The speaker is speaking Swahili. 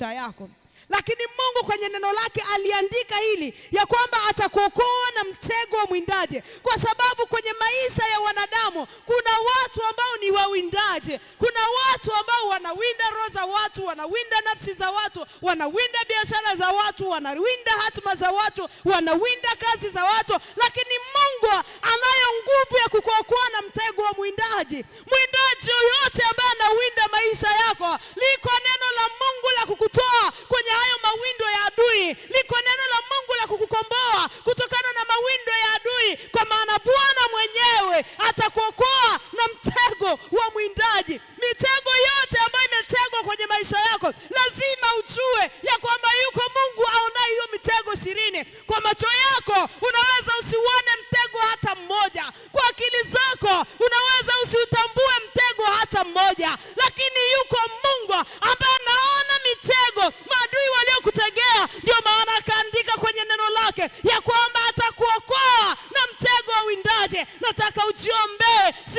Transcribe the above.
maisha yako. Lakini Mungu kwenye neno lake aliandika hili ya kwamba atakuokoa na mtego wa mwindaji, kwa sababu kwenye maisha ya wanadamu kuna watu ambao ni wawindaji, kuna watu ambao wanawinda roho za watu, wanawinda nafsi za watu, wanawinda biashara za watu, wanawinda hatima za watu, wanawinda kazi za watu. Lakini Mungu anayo nguvu ya kukuokoa na mtego wa mwindaji. Mwindaji huyo Bwana mwenyewe atakuokoa na mtego wa mwindaji. Mitego yote ambayo imetegwa kwenye maisha yako, lazima ujue ya kwamba yuko Mungu aonaye hiyo mitego ishirini. Kwa macho yako unaweza usiuone mtego hata mmoja, kwa akili zako unaweza usiutambue mtego hata mmoja, lakini yuko Mungu ambaye anaona mitego maadui waliokutegea. Ndio maana akaandika kwenye neno lake ya nataka ujiombe.